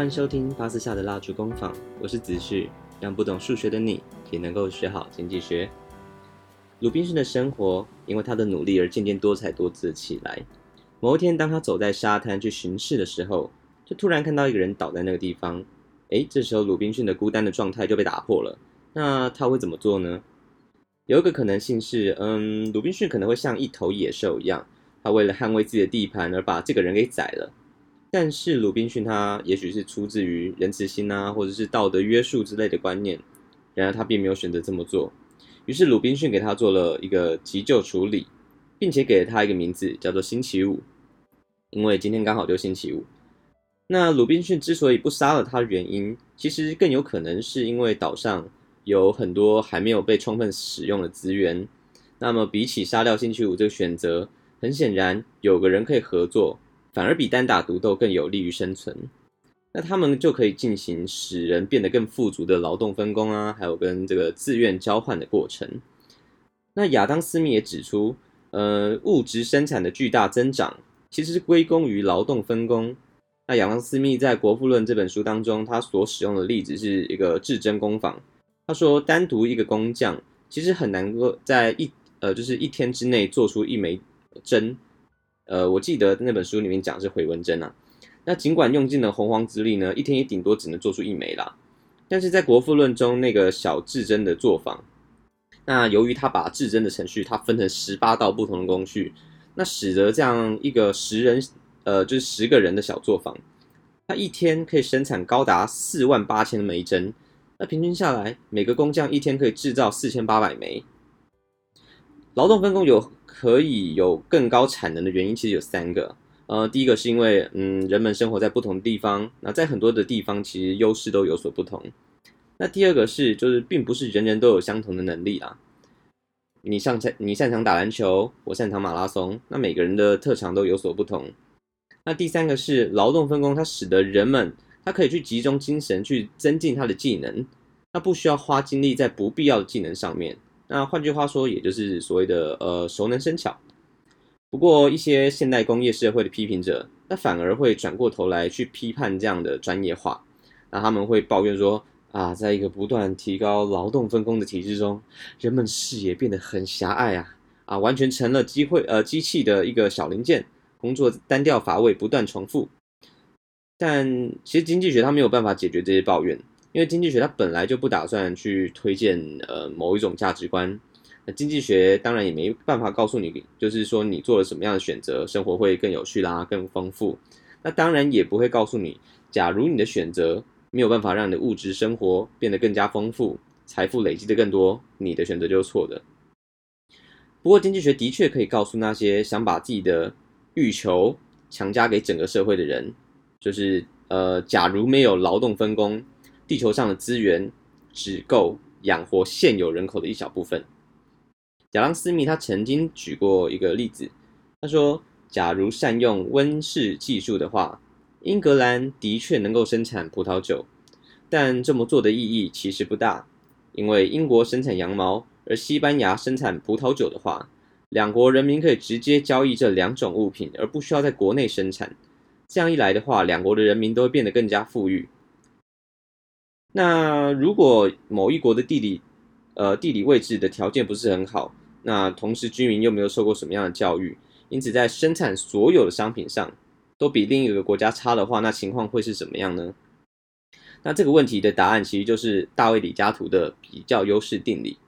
歡迎收聽《巴斯夏的蠟燭工坊》，我是子旭，讓不懂數學的你也能夠學好經濟學。魯濱遜的生活因為他的努力而漸漸多彩多姿起來。某一天，當他走在沙灘去巡視的時候，就突然看到一個人倒在那個地方。哎，這時候魯濱遜的孤單的狀態就被打破了。那他會怎麼做呢？有一個可能性是，嗯，魯濱遜可能會像一頭野獸一樣，他為了捍衛自己的地盤而把這個人給宰了。但是魯濱遜他也許是出自於仁慈心吶啊，或者是道德約束之類的觀念，然而他並沒有選擇這麼做。於是魯濱遜給他做了一個急救處理，並且給了他一個名字，叫做星期五，因為今天剛好就星期五。那魯濱遜之所以不殺了他的原因，其實更有可能是因為島上有很多還沒有被充分使用的資源。那麼比起殺掉星期五這個選擇，很顯然有個人可以合作。反而比單打獨鬥更有利於生存，那他們就可以進行使人變得更富足的勞動分工啊，還有跟這個自願交換的過程。那亞當斯密也指出，呃，物質生產的巨大增長其實是歸功於勞動分工。那亞當斯密在《國富論》這本書當中，他所使用的例子是一個製針工坊。他說，單獨一個工匠其實很難夠在一呃就是一天之內做出一枚針。呃，我記得那本書裡面講是迴紋針啊，那儘管用盡了洪荒之力呢，一天也頂多只能做出一枚啦。但是在《國富論》中那個小製針的作坊，那由於他把製針的程序，它分成十八道不同的工序，那使得這樣一個十人，呃，就是十個人的小作坊，它一天可以生產高達四萬八千枚針，那平均下來每個工匠一天可以製造四千八百枚。勞動分工有。可以有更高產能的原因其實有三個，呃，第一個是因為，嗯，人們生活在不同的地方，那在很多的地方其實優勢都有所不同。那第二個是就是並不是人人都有相同的能力啊，你擅長你擅長打籃球，我擅長馬拉松，那每個人的特長都有所不同。那第三個是勞動分工，它使得人們他可以去集中精神去增進他的技能，那不需要花精力在不必要的技能上面。那換句話說，也就是所謂的“呃，熟能生巧”。不過，一些現代工業社會的批評者，那反而會轉過頭來去批判這樣的專業化。那他們會抱怨說：“啊，在一個不斷提高勞動分工的體制中，人們視野變得很狹隘啊啊，完全成了機會，呃，機器的一個小零件，工作單調乏味，不斷重複。”但其實經濟學它沒有辦法解決這些抱怨。因為經濟學它本來就不打算去推薦呃某一種價值觀，那經濟學當然也沒辦法告訴你，就是說你做了什麼樣的選擇，生活會更有趣啦，更豐富。那當然也不會告訴你，假如你的選擇沒有辦法讓你的物質生活變得更加豐富，財富累積得更多，你的選擇就是錯的。不過經濟學的確可以告訴那些想把自己的欲求強加給整個社會的人，就是呃，假如沒有勞動分工，地球上的資源只夠養活現有人口的一小部分。亞當·斯密他曾經舉過一個例子，他說：“假如善用溫室技術的話，英格蘭的確能夠生產葡萄酒，但這麼做的意義其實不大，因為英國生產羊毛，而西班牙生產葡萄酒的話，兩國人民可以直接交易這兩種物品，而不需要在國內生產。這樣一來的話，兩國的人民都會變得更加富裕。”那如果某一國的地理，呃地理位置的條件不是很好，那同時居民又沒有受過什麼樣的教育，因此在生產所有的商品上都比另一個國家差的話，那情況會是什麼樣呢？那這個問題的答案其實就是大衛李嘉圖的比較優勢定理。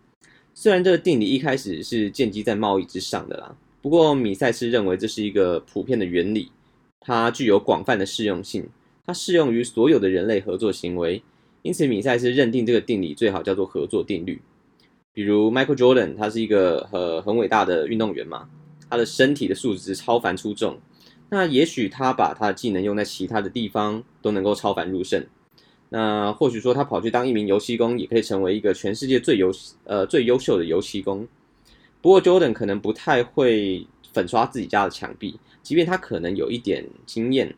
雖然這個定理一開始是建基在貿易之上的啦，不過米塞斯認為這是一個普遍的原理，它具有廣泛的適用性，它適用於所有的人類合作行為。因此，米塞斯認定這個定理最好叫做合作定律。比如，Michael Jordan，他是一個呃很偉大的運動員嘛，他的身體的素質超凡出眾。那也許他把他的技能用在其他的地方，都能夠超凡入聖。那或許說他跑去當一名油漆工，也可以成為一個全世界最優呃最優秀的油漆工。不過，Jordan 可能不太會粉刷自己家的牆壁，即便他可能有一點經驗，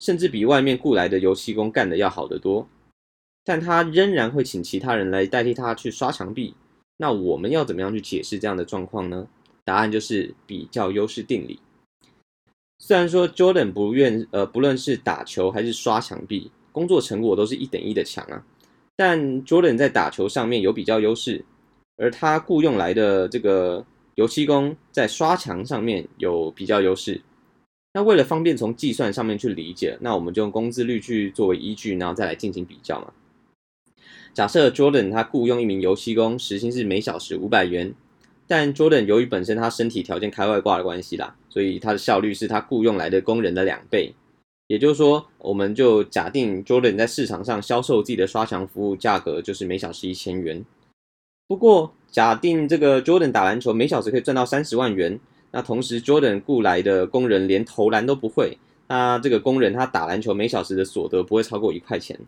甚至比外面雇來的油漆工幹的要好得多。但他仍然會請其他人來代替他去刷牆壁。那我們要怎麼樣去解釋這樣的狀況呢？答案就是比較優勢定理。雖然說 Jordan 不願呃，不論是打球還是刷牆壁，工作成果都是一等一的強啊。但 Jordan 在打球上面有比較優勢，而他雇用來的這個油漆工在刷牆上面有比較優勢。那為了方便從計算上面去理解，那我們就用工資率去作為依據，然後再來進行比較嘛。假設 Jordan 他雇用一名油漆工，時薪是每小時五百元，但 Jordan 由於本身他身體條件開外掛的關係啦，所以他的效率是他雇用來的工人的兩倍。也就是說，我們就假定 Jordan 在市場上銷售自己的刷牆服務價格就是每小時一千元。不過，假定這個 Jordan 打籃球每小時可以賺到三十萬元，那同時 Jordan 雇來的工人連投籃都不會，那這個工人他打籃球每小時的所得不會超過一塊錢。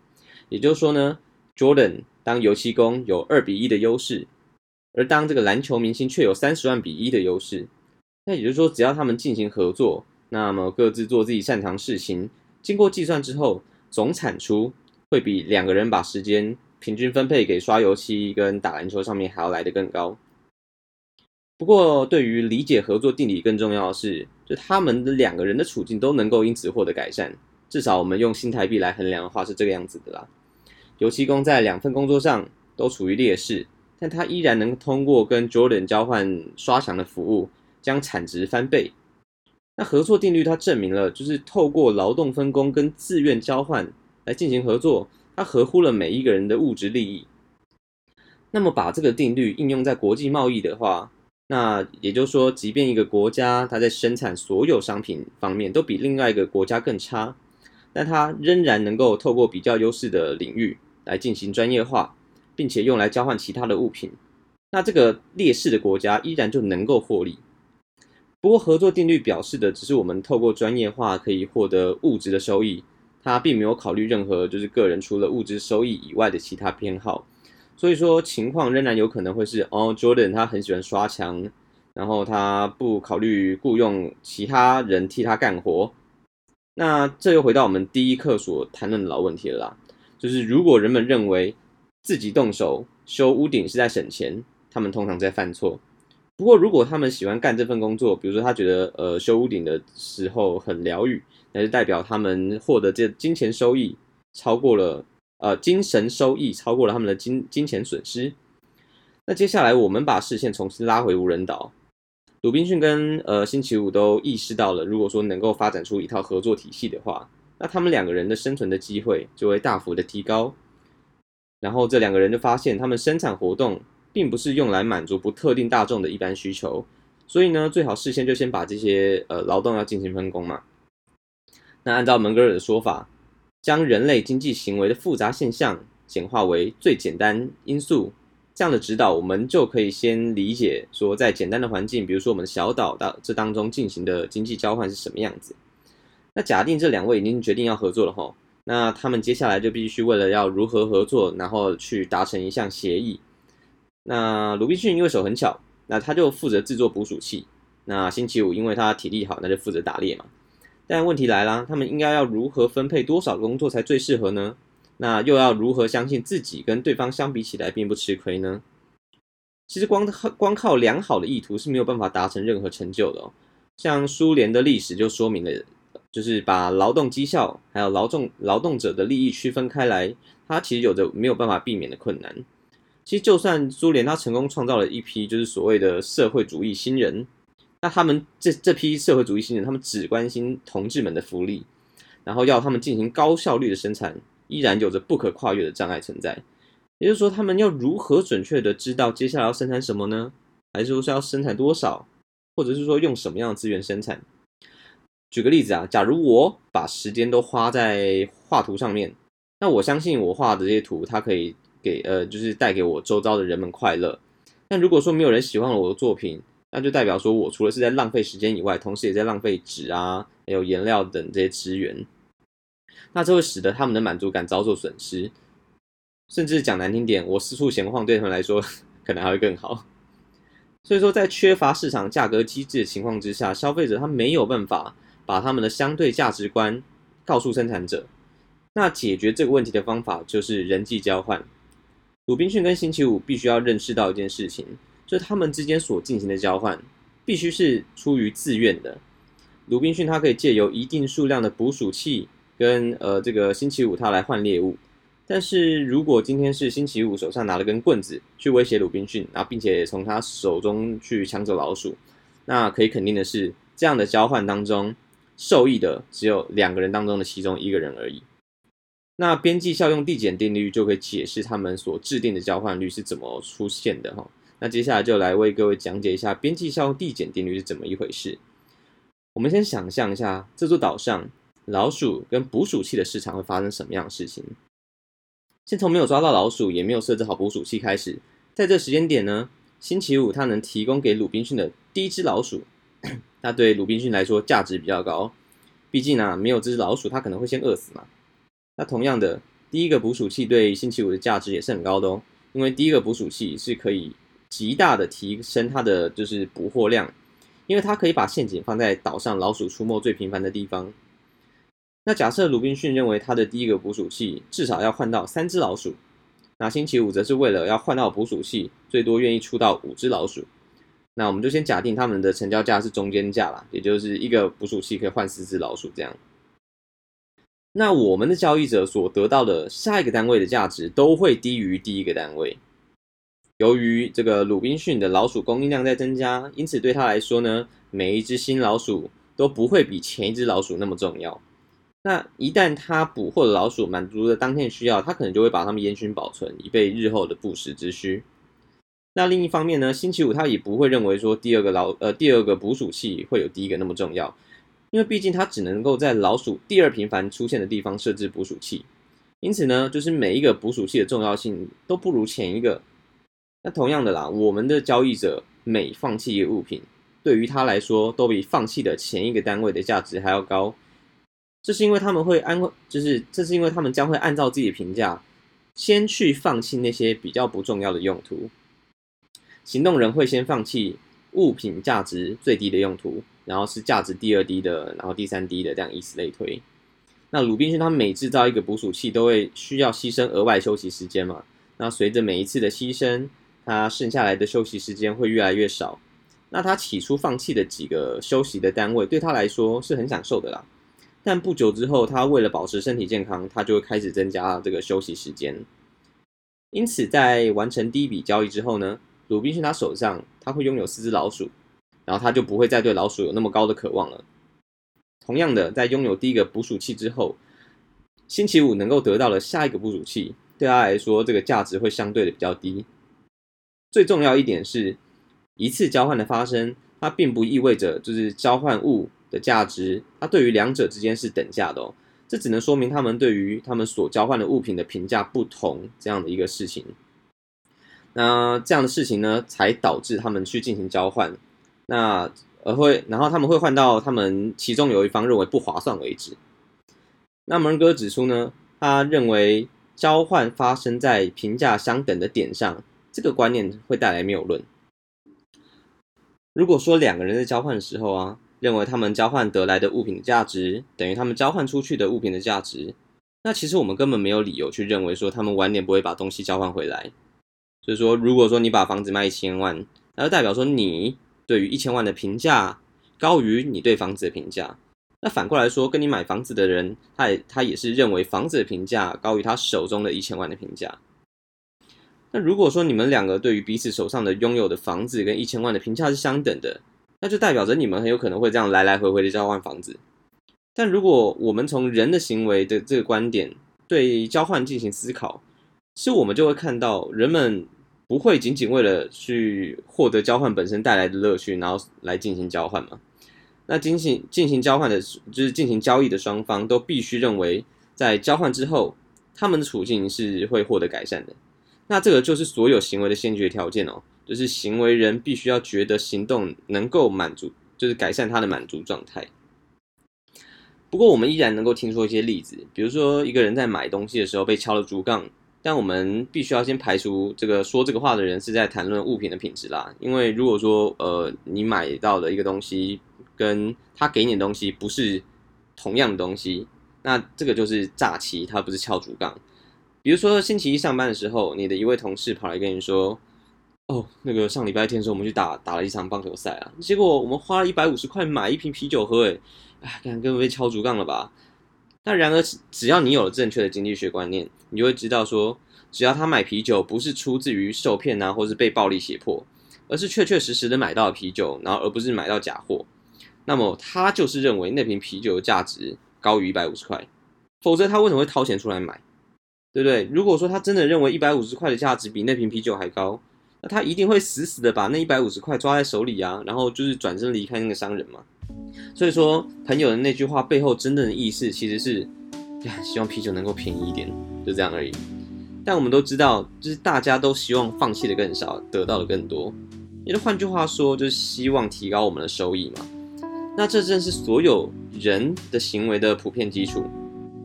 也就是說呢，Jordan 當油漆工有二比一的優勢，而當這個籃球明星卻有三十萬比一的優勢。那也就是說，只要他們進行合作，那麼各自做自己擅長事情，經過計算之後，總產出會比兩個人把時間平均分配給刷油漆跟打籃球上面還要來得更高。不過，對於理解合作定理更重要的是，就他們兩個人的處境都能夠因此獲得改善。至少我們用新台幣來衡量的話，是這個樣子的啦。油漆工在兩份工作上都處於劣勢，但他依然能通過跟 Jordan 交換刷牆的服務，將產值翻倍。那合作定律它證明了，就是透過勞動分工跟自願交換來進行合作，它合乎了每一個人的物質利益。那麼把這個定律應用在國際貿易的話，那也就是說，即便一個國家它在生產所有商品方面都比另外一個國家更差，但它仍然能夠透過比較優勢的領域。來進行專業化，並且用來交換其他的物品，那這個劣勢的國家依然就能夠獲利。不過合作定律表示的只是我們透過專業化可以獲得物質的收益，他並沒有考慮任何就是個人除了物質收益以外的其他偏好。所以說情況仍然有可能會是哦，Jordan 他很喜歡刷牆，然後他不考慮雇傭其他人替他幹活。那這又回到我們第一課所談論的老問題了啦。就是如果人們認為自己動手修屋頂是在省錢，他們通常在犯錯。不過，如果他們喜歡幹這份工作，比如說他覺得呃修屋頂的時候很療癒，那就代表他們獲得這金錢收益超過了呃精神收益，超過了他們的金金錢損失。那接下來我們把視線重新拉回無人島，魯濱遜跟呃星期五都意識到了，如果說能夠發展出一套合作體系的話，那他們兩個人的生存的機會就會大幅的提高，然後這兩個人就發現，他們生產活動並不是用來滿足不特定大眾的一般需求，所以呢，最好事先就先把這些呃勞動要進行分工嘛。那按照門格爾的說法，將人類經濟行為的複雜現象簡化為最簡單因素這樣的指導，我們就可以先理解說，在簡單的環境，比如說我們的小島的這當中進行的經濟交換是什麼樣子。那假定這兩位已經決定要合作了吼。那他們接下來就必須為了要如何合作，然後去達成一項協議。那魯濱遜因為手很巧，那他就負責制作捕鼠器；那星期五因為他體力好，那就負責打獵嘛。但問題來了，他們應該要如何分配多少工作才最適合呢？那又要如何相信自己跟對方相比起來並不吃虧呢？其實光光靠良好的意圖是沒有辦法達成任何成就的哦。像蘇聯的歷史就說明了。就是把勞動績效還有勞動勞動者的利益區分開來，它其實有着沒有辦法避免的困難。其實，就算蘇聯他成功創造了一批就是所謂的社會主義新人，那他們這這批社會主義新人，他們只關心同志們的福利，然後要他們進行高效率的生產，依然有着不可跨越的障礙存在。也就是說，他們要如何準確的知道接下來要生產什麼呢？還是說是要生產多少，或者是說用什麼樣的資源生產？舉個例子啊，假如我把時間都花在畫圖上面，那我相信我畫的這些圖，它可以給呃，就是帶給我周遭的人們快樂。但如果說沒有人喜歡我的作品，那就代表說我除了是在浪費時間以外，同時也在浪費紙啊，還有顏料等這些資源。那這會使得他們的滿足感遭受損失，甚至講難聽點，我四處閒晃對他們來說可能還會更好。所以說，在缺乏市場價格機制的情況之下，消費者他沒有辦法。把他們的相對價值觀告訴生產者，那解決這個問題的方法就是人際交換。魯濱遜跟星期五必須要認識到一件事情，就是他們之間所進行的交換必須是出於自願的。魯濱遜他可以借由一定數量的捕鼠器跟呃這個星期五他來換獵物，但是如果今天是星期五手上拿了根棍子去威脅魯濱遜，然後並且從他手中去搶走老鼠，那可以肯定的是，這樣的交換當中。受益的只有兩個人當中的其中一個人而已。那邊際效用遞減定律就可以解釋他們所制定的交換率是怎麼出現的哈。那接下來就來為各位講解一下邊際效用遞減定律是怎麼一回事。我們先想象一下這座島上老鼠跟捕鼠器的市場會發生什麼樣的事情。先從沒有抓到老鼠也沒有設置好捕鼠器開始，在這時間點呢，星期五他能提供給魯濱遜的第一隻老鼠。那 對魯濱遜來說價值比較高，畢竟啊沒有這只老鼠，他可能會先餓死嘛。那同樣的，第一個捕鼠器對星期五的價值也是很高的哦，因為第一個捕鼠器是可以極大的提升它的就是捕獲量，因為它可以把陷阱放在島上老鼠出沒最頻繁的地方。那假設魯濱遜認為他的第一個捕鼠器至少要換到三隻老鼠，那星期五則是為了要換到捕鼠器，最多願意出到五隻老鼠。那我們就先假定他們的成交價是中間價吧，也就是一個捕鼠器可以換四只老鼠這樣。那我們的交易者所得到的下一個單位的價值都會低於第一個單位。由於這個魯賓遜的老鼠供應量在增加，因此對他來說呢，每一只新老鼠都不會比前一只老鼠那麼重要。那一旦他捕獲的老鼠滿足了當天需要，他可能就會把它們煙熏保存，以備日後的不時之需。那另一方面呢，星期五他也不會認為說第二個老，呃，第二個捕鼠器會有第一個那麼重要，因為畢竟他只能夠在老鼠第二頻繁出現的地方設置捕鼠器，因此呢，就是每一個捕鼠器的重要性都不如前一個。那同樣的啦，我們的交易者每放棄一個物品，對於他來說都比放棄的前一個單位的價值還要高，這是因為他們會按就是這是因為他們將會按照自己的評價，先去放棄那些比較不重要的用途。行動人會先放棄物品價值最低的用途，然後是價值第二低的，然後第三低的，這樣以此類推。那魯濱遜他每制造一個捕鼠器，都會需要犧牲額外休息時間嘛，那隨着每一次的犧牲，他剩下來的休息時間會越來越少。那他起初放棄的幾個休息的單位，對他來說是很享受的啦。但不久之後，他為了保持身體健康，他就會開始增加這個休息時間。因此，在完成第一筆交易之後呢，魯濱遜他手上他會擁有四隻老鼠，然後他就不會再對老鼠有那麼高的渴望了。同樣的，在擁有第一個捕鼠器之後，星期五能夠得到的下一個捕鼠器對他來說，這個價值會相對的比較低。最重要一點是，一次交換的發生，它並不意味着就是交換物的價值，它對於兩者之間是等價的哦。這只能說明他們對於他們所交換的物品的評價不同，這樣的一個事情。那這樣的事情呢，才導致他們去進行交換。那而會，然後他們會換到他們其中有一方認為不划算為止。那蒙哥指出呢，他認為交換發生在評價相等的點上，這個觀念會帶來謬論。如果說兩個人在交換的時候啊，認為他們交換得來的物品的價值等於他們交換出去的物品的價值，那其實我們根本沒有理由去認為說他們晚點不會把東西交換回來。所以說，如果說你把房子賣一千萬，那就代表說你對於一千萬的評價高於你對房子的評價。那反過來說，跟你買房子的人，他也他也是認為房子的評價高於他手中的一千萬的評價。那如果說你們兩個對於彼此手上的擁有的房子跟一千萬的評價是相等的，那就代表着你們很有可能會這樣來來回回的交換房子。但如果我們從人的行為的這個觀點對交換進行思考。是我們就會看到，人們不會僅僅為了去獲得交換本身帶來的樂趣，然後來進行交換嘛。那進行進行交換的，就是進行交易的雙方都必須認為，在交換之後，他們的處境是會獲得改善的。那這個就是所有行為的先決條件哦，就是行為人必須要覺得行動能夠滿足，就是改善他的滿足狀態。不過，我們依然能夠聽說一些例子，比如說一個人在買東西的時候被敲了竹槓。但我們必須要先排除這個說這個話的人是在談論物品的品質啦，因為如果說呃，你買到的一個東西跟他給你的東西不是同樣的東西，那這個就是詐欺，他不是敲竹槓。比如說星期一上班的時候，你的一位同事跑來跟你說，哦，那個上禮拜天的時候我們去打打了一場棒球賽啊，結果我們花了一百五十塊買一瓶啤酒喝，欸，哎，哎，根本被敲竹槓了吧？那然而，只要你有了正確的經濟學觀念，你就會知道說，只要他買啤酒不是出自於受騙吶、啊，或是被暴力脅迫，而是確確實實的買到了啤酒，然後而不是買到假貨，那麼他就是認為那瓶啤酒的價值高於一百五十塊，否則他為什麼會掏錢出來買？對不對？如果說他真的認為一百五十塊的價值比那瓶啤酒還高。那他一定會死死的把那一百五十塊抓在手裡啊，然後就是轉身離開那個商人嘛。所以說，朋友的那句話背後真正的意思其實是，呀，希望啤酒能夠便宜一點，就這樣而已。但我們都知道，就是大家都希望放棄的更少，得到的更多。也就換句話說，就是希望提高我們的收益嘛。那這正是所有人的行為的普遍基礎。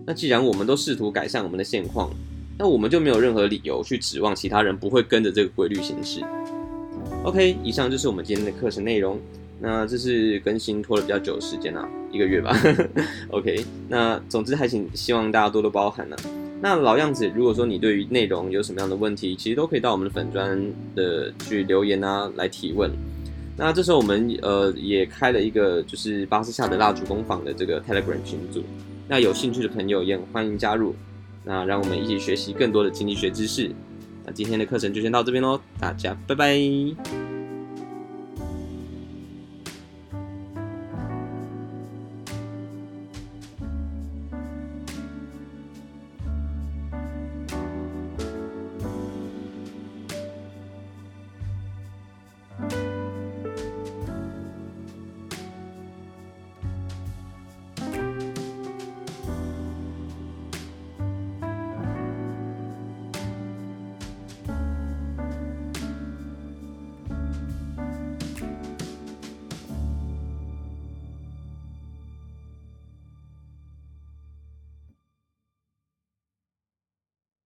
那既然我們都試圖改善我們的現況。那我們就沒有任何理由去指望其他人不會跟着這個規律行事。OK，以上就是我們今天的課程內容。那這是更新拖了比較久的時間啊，一個月吧。 OK，那總之還請希望大家多多包涵呢、啊。那老樣子，如果說你對於內容有什麼樣的問題，其實都可以到我們的粉專的去留言啊，來提問。那這時候我們呃也開了一個就是巴斯夏的蠟燭工坊的這個 Telegram 群組，那有興趣的朋友也歡迎加入。那讓我們一起學習更多的經濟學知識。那今天的課程就先到這邊嘍，大家拜拜。